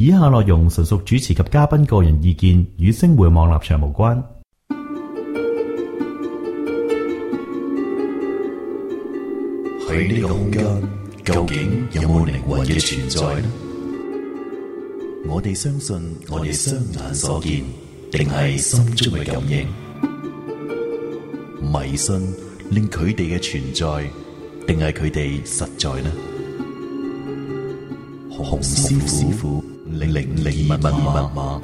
以下內容純屬主持及嘉賓個人意見，與星匯網立場無關。喺呢個空間，究竟有冇靈魂嘅存在呢？我哋相信我哋雙眼所見，定係心中嘅感應？迷信令佢哋嘅存在，定係佢哋實在呢？洪師傅。零零五零密碼密碼。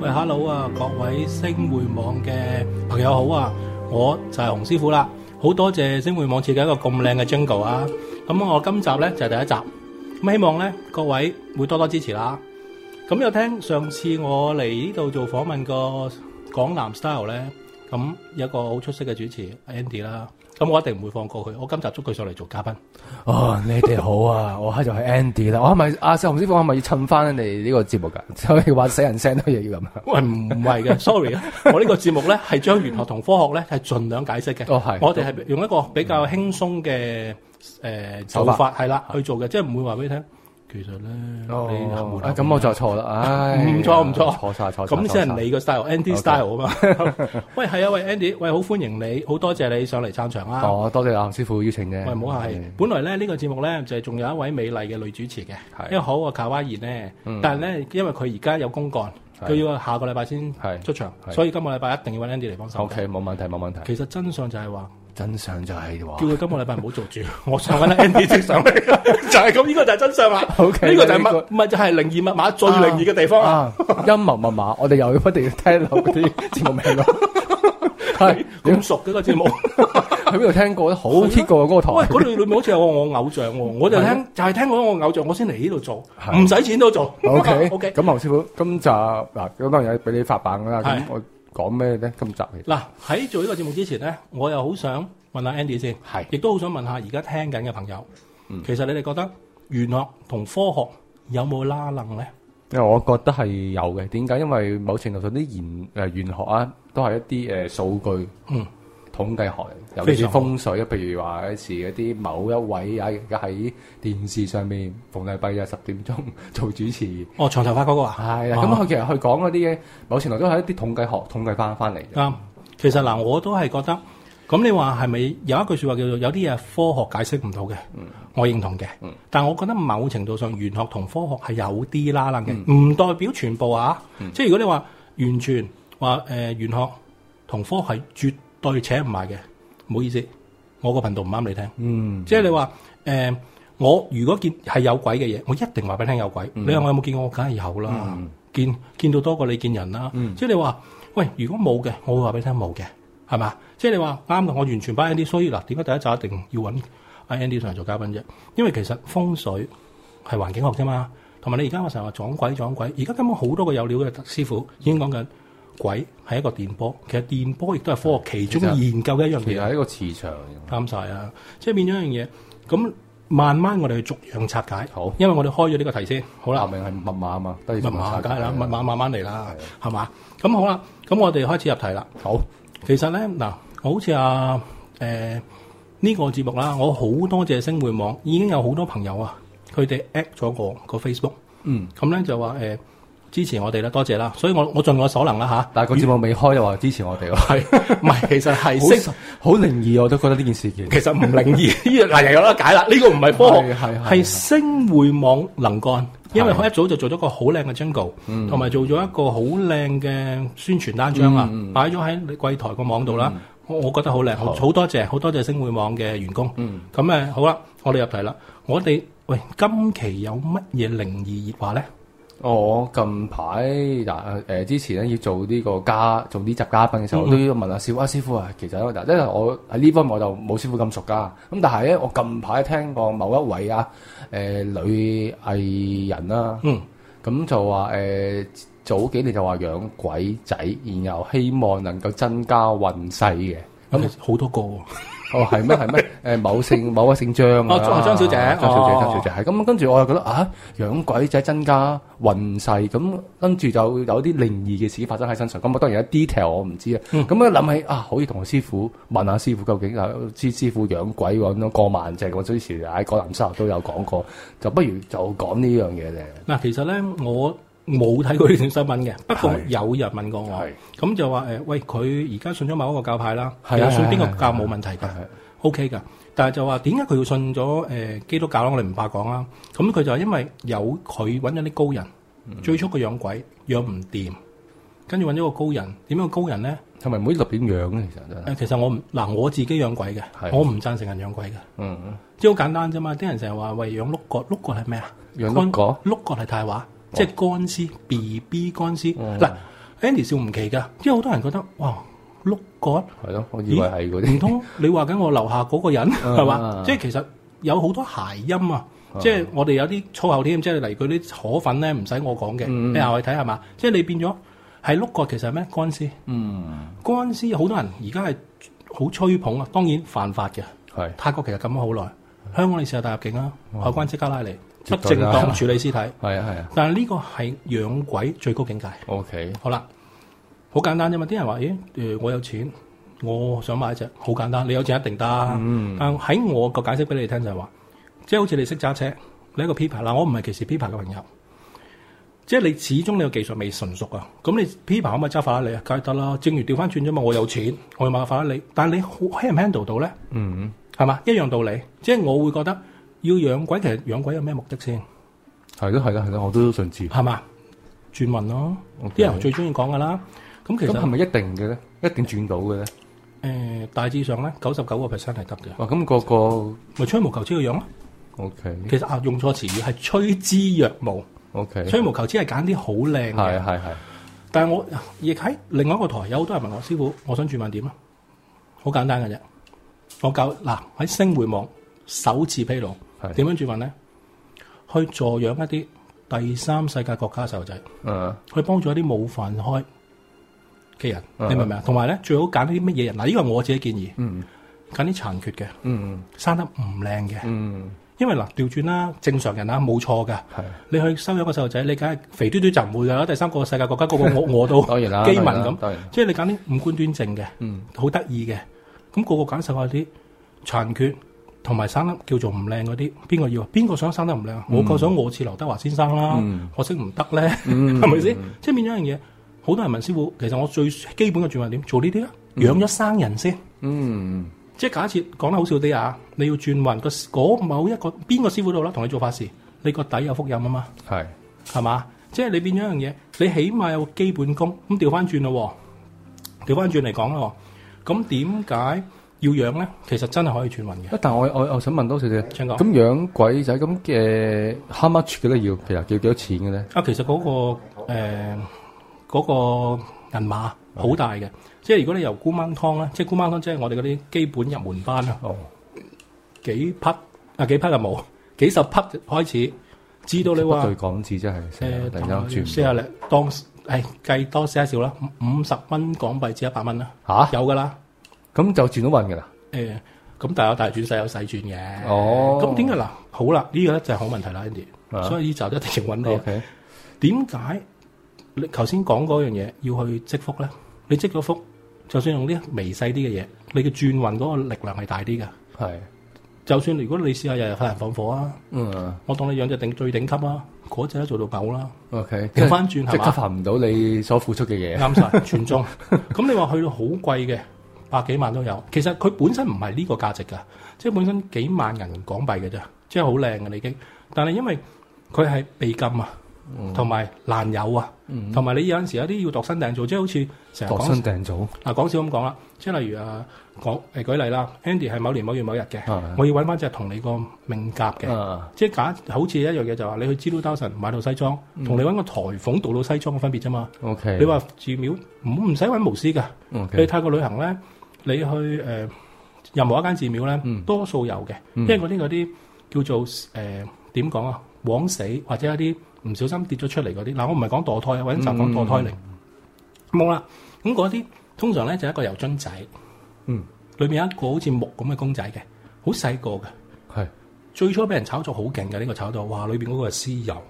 喂，Hello 啊，各位星匯網嘅朋友好啊，我就係洪師傅啦，好多謝星匯網設計一個咁靚嘅 jingle 啊，咁我今集咧就係第一集。咁希望咧，各位會多多支持啦。咁又聽上次我嚟呢度做訪問個港男 style 咧，咁有一個好出色嘅主持 Andy 啦。咁我一定唔會放過佢。我今集捉佢上嚟做嘉賓。哦，你哋好啊，我就係 Andy 啦。我係咪阿洪師傅，我係咪要襯翻你呢個節目噶？所以話死人聲都要咁。喂，唔係嘅，sorry，我呢個節目咧係將玄學同科學咧係盡量解釋嘅。哦，係。我哋係用一個比較輕鬆嘅。誒、呃、做法係啦、啊、去做嘅，即係唔會話俾你聽。其實咧、哦，你咁我就錯啦，唉、啊，唔錯唔錯，咁即係你個 style，Andy style 啊嘛。喂，係啊，喂，Andy，喂，好歡迎你，好多謝你上嚟撐場啦、啊。哦，多謝啊，師傅邀請嘅。喂，唔好話係，本來咧呢、呢個節目咧就係、是、仲有一位美麗嘅女主持嘅，因為好啊，卡哇伊呢。嗯、但係咧因為佢而家有公幹，佢要下個禮拜先出場，所以今個禮拜一定要揾 Andy 嚟幫手。OK，冇、嗯、問題，冇問題。其實真相就係話。真相就係、是、叫佢今個禮拜唔好做住， 我上緊 Andy 直上嚟， 就係咁，呢、這個就係真相啦。OK，呢個就係、是、乜？唔、這、係、個、就係靈異密碼、啊、最靈異嘅地方啊！陰謀密碼， 我哋又要一定要聽嗰啲節目名咯。係 咁 熟嘅個節目，喺邊度聽過好貼 過嗰個台喂，嗰、啊、 裏裏面好似有我偶像， 我就聽 就係聽過我偶像，我先嚟呢度做，唔使、啊、錢都做。OK，OK、okay, okay, 啊。咁、okay, 洪師傅，今集嗱，咁當然有俾你發辦噶啦。 那我 講咩咧？今集嗱，喺做呢個節目之前咧，我又好想問下 Andy 先，係亦都好想問下而家聽緊嘅朋友，其實你哋覺得玄學同科學有冇拉褦咧？因為我覺得係有嘅，點解？因為某程度上啲玄、誒、玄學啊，都係一啲誒數據。嗯。統計學嚟，譬如風水啊。譬如話，有時嗰啲某一位啊，而家喺電視上面逢禮拜日十點鐘做主持。哦，長頭髮嗰個啊，係啊。咁佢其實佢講嗰啲嘢，某程度都係一啲統計學統計翻翻嚟。啊，其實嗱，我都係覺得咁。你話係咪有一句説話叫做有啲嘢科學解釋唔到嘅？我認同嘅、嗯。但係我覺得某程度上，玄學同科學係有啲啦，楞、嗯、嘅，唔代表全部啊。嗯、即係如果你話完全話誒玄學同科係絕。對請唔埋嘅，唔好意思，我個頻道唔啱你聽。嗯，即係你話誒、呃，我如果見係有鬼嘅嘢，我一定話俾你聽有鬼。嗯、你話我有冇見過？我梗係有啦，嗯、見見到多過你見人啦。嗯，即係你話，喂，如果冇嘅，我會話俾你聽冇嘅，係嘛？即係你話啱嘅，我完全買 Andy。所以嗱，點解第一集一定要揾 Andy 上嚟做嘉賓啫？因為其實風水係環境學啫嘛，同埋你而家話成日撞鬼撞鬼，而家根本好多個有料嘅師傅已經講緊。鬼係一個電波，其實電波亦都係科學其中研究嘅一樣嘢。其實係一個磁場。啱晒啊！即係變咗一樣嘢。咁慢慢我哋去逐樣拆解。好，因為我哋開咗呢個題先。好啦，明明係密碼啊嘛，密碼拆解啦，密碼，密碼慢慢嚟啦，係嘛？咁好啦，咁我哋開始入題啦。好，其實咧嗱，好似阿誒呢個節目啦，我好多謝星匯網，已經有好多朋友啊，佢哋 at 咗我個 Facebook。嗯。咁咧就話誒。呃支持我哋啦，多謝啦，所以我我盡我所能啦，嚇。但係個節目未開又話支持我哋，係唔係？其實係星好靈異，我都覺得呢件事件其實唔靈異。呢樣嗱又有得解啦，呢個唔係科學，係星匯網能幹，因為我一早就做咗個好靚嘅 Jungle，同埋做咗一個好靚嘅宣傳單張啊，擺咗喺你櫃台個網度啦。我我覺得好靚，好多謝，好多謝星匯網嘅員工。咁誒，好啦，我哋入題啦。我哋喂，今期有乜嘢靈異熱話咧？哦，我近排嗱，誒之前咧，要做呢個嘉做呢集嘉賓嘅時候，都要問下師傅啊。師傅啊，其實咧嗱，因為我喺呢方面我就冇師傅咁熟噶。咁但係咧，我近排聽過某一位啊誒女藝人啦，嗯，咁就話誒早幾年就話養鬼仔，然後希望能夠增加運勢嘅。咁好多個。 哦，係咩？係咩？誒，某姓某位姓張啊！張小姐，張小姐、啊、張小姐，張小姐、哦、張小姐，係咁跟住我又覺得啊，養鬼仔增加運勢，咁跟住就有啲靈異嘅事發生喺身上。咁我當然有，detail 我唔知啊。咁、嗯、啊，諗起啊，可以同師傅問下師傅究竟啊，知師傅養鬼咁樣過萬隻。我之前喺《鬼林修》都有講過，就不如就講呢樣嘢啫。嗱，其實咧，我。冇睇過呢段新聞嘅，不過有人問過我，咁就話喂佢而家信咗某一個教派啦，其實信邊個教冇問題㗎，OK 㗎。但係就話點解佢要信咗、呃、基督教啦？我哋唔怕講啦。咁佢就係：「因為有佢揾咗啲高人，嗯、最初佢養鬼養唔掂，跟住揾咗個高人，點樣個高人咧？係咪唔可以立亂養咧？其實真係其實我唔嗱我自己養鬼嘅，我唔贊成人養鬼嘅，即係好簡單啫嘛。啲人成日話喂養碌葛，碌葛係咩啊？養碌葛，碌葛係大話。葛葛即係乾屍，B B 乾屍。嗱、嗯、Andy 笑唔奇㗎，因為好多人覺得哇，碌角係咯，咦我以為係嗰啲。唔通你話緊我樓下嗰個人係嘛、嗯嗯？即係其實有好多諧音啊！嗯、即係我哋有啲粗口添，即係例如啲河粉咧，唔使我講嘅，你又去睇係嘛？即係你變咗係碌角，其實係咩乾屍？嗯，乾屍好多人而家係好吹捧啊，當然犯法嘅、嗯。泰國其實禁咗好耐，香港你試下帶入境啊、嗯，海關即刻拉嚟不正當處理屍體，係啊係啊，啊，但係呢個係養鬼最高境界。O、okay. K，好啦，好簡單啫嘛。啲人話，咦，誒，我有錢，我想買一隻，好簡單。你有錢一定得、嗯，但喺我個解釋俾你聽就係話，即係好似你識揸車，你一個 P 牌嗱，我唔係歧視 P 牌嘅朋友，即係你始終你個技術未純熟啊，咁你 P 牌可唔可以揸法拉利啊？梗係得啦。正如調翻轉啫嘛，我有錢，我要買法拉利，但係你好 handle 到咧，嗯，係嘛，一樣道理，即係我會覺得。要養鬼，其實養鬼有咩目的先？係咯，係、okay. 咯，係咯，我都想知。係嘛？轉運咯，啲人最中意講噶啦。咁其實係咪一定嘅咧？一定轉到嘅咧？誒、呃，大致上咧，九十九個 percent 係得嘅。咁、哦那個個咪吹、就是、毛求疵去養啊？O K。Okay. 其實啊，用錯詞語係趨之若鶩。O K。吹毛求疵係揀啲好靚嘅，係係，但係我亦喺、啊、另外一個台有好多人問我師傅，我想轉運點啊？好簡單嘅啫。我教嗱喺、啊、星匯網首次披露。點樣助運咧？去助養一啲第三世界國家嘅細路仔，uh -huh. 去幫助一啲冇飯開嘅人，uh -huh. 你明唔明啊？同埋咧，最好揀啲乜嘢人？嗱，呢個我自己建議，揀啲殘缺嘅，uh -huh. 生得唔靚嘅，uh -huh. 因為嗱調轉啦，正常人啦、啊，冇錯噶，uh -huh. 你去收養個細路仔，你梗係肥嘟嘟就唔會啦。第三個世界國家個個我我都飢民咁，即係你揀啲五官端正嘅，好得意嘅，咁個個揀受下啲殘缺。同埋生得叫做唔靚嗰啲，邊個要啊？邊個想生得唔靚啊？我個想我似劉德華先生啦，可惜唔得咧，係咪先？即係變咗一樣嘢。好多人問師傅，其實我最基本嘅轉運點？做呢啲啊，養咗生人先。嗯，即係假設講得好笑啲啊，你要轉運個嗰某一個邊個師傅度啦，同你做法事，你個底有福蔭啊嘛？係，係嘛？即係你變咗一樣嘢，你起碼有基本功。咁調翻轉咯，調翻轉嚟講咯。咁點解？要養呢？其實真係可以轉運嘅。但我，我，我想問多少少張哥，咁養鬼仔咁嘅、呃、how much 嘅呢？要、啊？其實要幾多錢嘅呢？其實嗰個誒嗰個銀碼好大嘅，即係如果你由姑媽湯啦，即係姑媽湯即係我哋嗰啲基本入門班啦，哦。幾匹、啊、幾匹就冇，幾十匹就開始。知道你話？不對港紙真係誒，呃、突然間轉，即係你當、哎、計多少少啦，五十蚊港幣至一百蚊啦。嚇，有㗎啦！咁就轉到運噶啦。誒，咁大有大轉細有細轉嘅。哦。咁點解嗱？好啦，呢個咧就係好問題啦，跟住。啊。所以呢就一定要揾到。O K。點解？你頭先講嗰樣嘢要去積福咧？你積咗福，就算用啲微細啲嘅嘢，你嘅轉運嗰個力量係大啲噶。係。就算如果你試下日日殺人放火啊。嗯。我當你養隻頂最頂級啊，嗰隻咧做到狗啦。O K。調翻轉係嘛。即係吸罰唔到你所付出嘅嘢。啱晒全中。咁你話去到好貴嘅？百幾萬都有，其實佢本身唔係呢個價值㗎，即係本身幾萬銀港幣㗎啫，即係好靚㗎已經。但係因為佢係備金啊，同、嗯、埋難有啊，同、嗯、埋你有陣時候有啲要度身訂造，即係好似成日度身訂造嗱講笑咁講啦。即係例如啊，講誒、啊啊、舉例啦，Andy 係某年某月某日嘅、啊，我要揾翻隻同你個命夾嘅、啊，即係假好似一樣嘢就話你去 G2000 買套西裝，同、嗯、你揾個裁縫度套西裝嘅分別啫嘛。Okay, 你話住廟唔唔使揾巫師㗎，去、okay, 泰國旅行咧。你去誒、呃、任何一間寺廟咧、嗯，多數有嘅、嗯，因為嗰啲嗰啲叫做誒點講啊，枉死或者一啲唔小心跌咗出嚟嗰啲，嗱、呃、我唔係講墮胎啊，或者就講墮胎靈冇啦。咁嗰啲通常咧就係、一個油樽仔，嗯，裏面有一個好似木咁嘅公仔嘅，好細個嘅。係最初俾人炒作好勁嘅呢個炒作，哇！裏邊嗰個係屍油，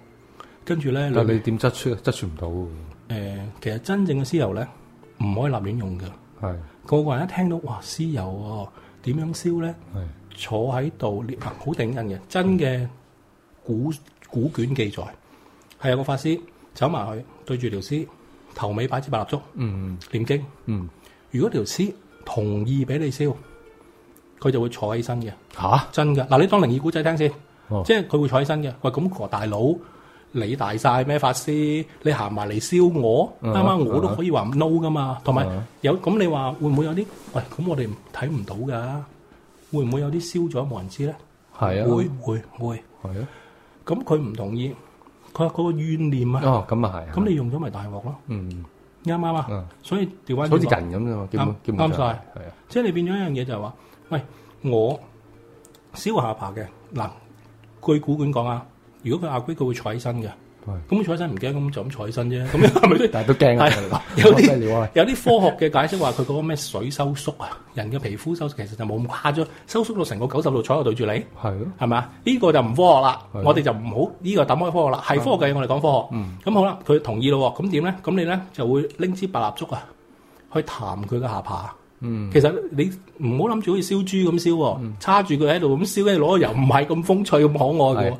跟住咧你你點質出啊？質出唔到。誒、呃，其實真正嘅屍油咧，唔可以立亂用㗎。係個個人一聽到哇，屍油啊，點樣燒咧？坐喺度，好頂人嘅真嘅古古卷記載係有個法師走埋去對住條屍頭尾擺支白蠟燭，念經。如果條屍同意俾你燒，佢就會坐起身嘅吓真㗎嗱。你當靈異古仔聽先，即係佢會坐起身嘅喂。咁何大佬。你大曬咩法師？你行埋嚟燒我？啱啱我都可以話 no 噶嘛。同埋有咁，你話會唔會有啲？喂，咁我哋睇唔到噶，會唔會有啲燒咗冇人知咧？係啊，會會會。係啊。咁佢唔同意，佢話嗰個怨念啊。哦，咁啊係。咁你用咗咪大鑊咯？嗯，啱啱啊。嗯。所以調翻轉。好似人咁啫嘛，基本基本上。啱曬。係啊。即係你變咗一樣嘢就係話，喂，我燒下爬嘅嗱，據古卷講啊。如果佢阿哥佢會坐起身嘅，咁坐起身唔驚，咁就咁坐起身啫。咁樣係咪都驚啊？有啲 科學嘅解釋話佢嗰個咩水收縮啊， 人嘅皮膚收縮其實就冇咁誇張，收縮到成個九十度坐喺度對住你，係咯，係咪啊？呢個就唔科學啦，我哋就唔好呢個抌開科學啦，係科學嘅我哋講科學。咁、嗯、好啦，佢同意咯，咁點咧？咁你咧就會拎支白蠟燭啊，去彈佢嘅下巴。嗯，其實你唔好諗住好似燒豬咁燒，叉住佢喺度咁燒，跟住攞油，唔係咁風趣咁可愛嘅。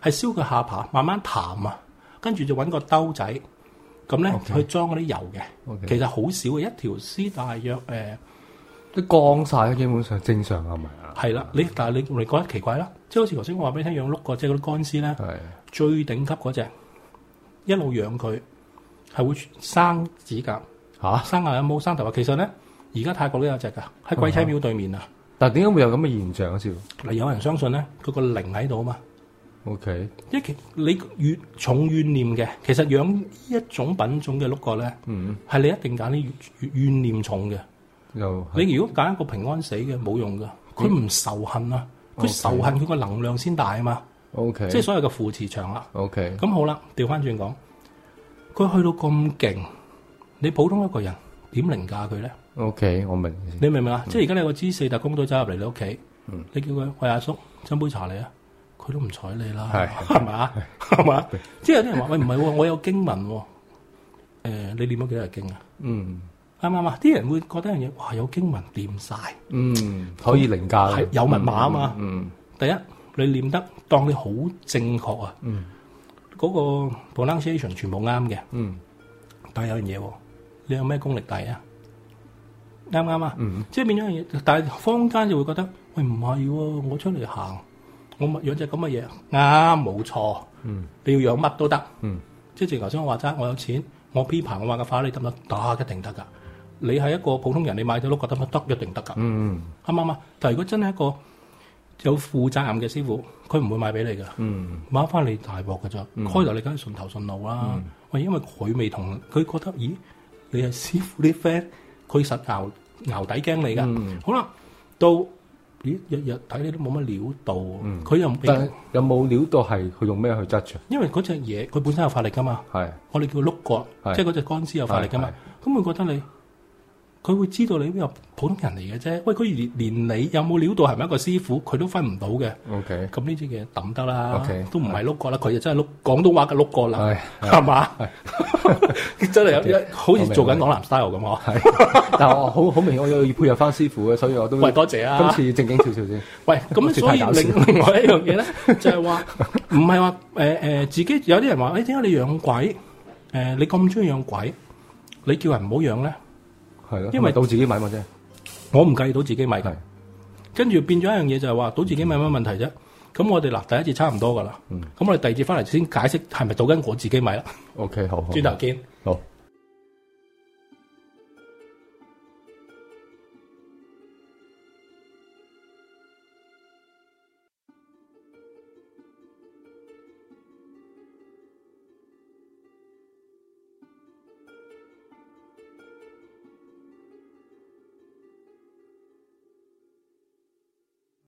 係燒佢下巴，慢慢淡啊！跟住就揾個兜仔，咁咧、okay. 去裝嗰啲油嘅。Okay. 其實好少嘅，一條絲大約誒、呃、都降曬啦，基本上正常係咪啊？係啦，你但係你你覺得奇怪啦，即係好似頭先我話俾你聽，養碌個即係嗰啲乾絲咧，最頂級嗰隻一路養佢係會生指甲嚇、啊，生牙有冇生頭髮啊？其實咧，而家泰國都有隻㗎，喺鬼妻廟對面、嗯、為什麼啊！但係點解會有咁嘅現象啊？照嗱，有人相信咧，佢個靈喺度啊嘛～O K，即係其你越重怨念嘅，其實養呢一種品種嘅鹿角咧，係你一定揀啲怨念重嘅。又，你如果揀一個平安死嘅，冇用噶，佢唔仇恨啊，佢仇恨佢個能量先大啊嘛。O K，即係所謂嘅負磁場啦。O K，咁好啦，調翻轉講，佢去到咁勁，你普通一個人點凌駕佢咧？O K，我明，你明唔明啊？即係而家你個 G4 大公都走入嚟你屋企，你叫佢喂，阿叔斟杯茶你啊。佢都唔睬你啦，係嘛？係、啊、嘛？是是 即係有啲人話喂唔係、哦，我有經文、哦。誒、呃，你念咗幾多日經啊？嗯，啱啱啊？啲人會覺得樣嘢，哇，有經文掂晒，嗯，可以凌駕有密碼啊嘛嗯。嗯，第一你念得當你好正確啊。嗰、嗯那個 pronunciation 全部啱嘅。嗯，但係有樣嘢、啊，你有咩功力大啊？啱唔啱啊？即係變咗樣嘢，但係坊間就會覺得喂唔係、哦，我出嚟行。我養隻咁嘅嘢啱，冇、啊、錯。嗯，你要養乜都得。嗯，即係頭先我話齋，我有錢，我批棚我話嘅話，你得唔得？得、啊、一定得㗎。你係一個普通人，你買咗都，覺得得，一定得㗎。嗯，啱唔啱啊？但係如果真係一個有負責任嘅師傅，佢唔會買俾你㗎。嗯，買翻你大鑊㗎啫。開頭你梗係順頭順路啦。喂、嗯，因為佢未同，佢覺得，咦，你係師傅啲 friend，佢實牛牛底驚你㗎、嗯。好啦，到。咦，日日睇你都冇乜料到，佢、嗯、又但係有冇料到係佢用咩去執住？因為嗰隻嘢佢本身有法力噶嘛，我哋叫碌角，即係嗰隻乾屍有法力噶嘛，咁我覺得你。佢會知道你邊個普通人嚟嘅啫。喂，佢連連你有冇料到係咪一個師傅，佢都分唔到嘅。OK，咁呢啲嘢抌得啦。OK，都唔係碌過啦。佢就真係碌廣東話嘅碌過啦，係、哎、嘛？係哎、 真係有 okay, 好似一好似做緊港男 style 咁哦。但係我好好 明，我要配合翻師傅嘅，所以我都喂多謝啊。 今次正經少少先喂。咁所以另外一樣嘢咧，就係話唔係話誒誒自己有啲人話誒點解你養鬼誒、呃？你咁中意養鬼，你叫人唔好養咧？係咯，因為到自己買嘛啫，我唔介意到自己買。跟住變咗一樣嘢就係話，到自己買乜問題啫？咁、嗯、我哋嗱，第一節差唔多噶啦。咁、嗯、我哋第二節翻嚟先解釋係咪到緊我自己買啦。O、okay, K，好，轉頭見。好。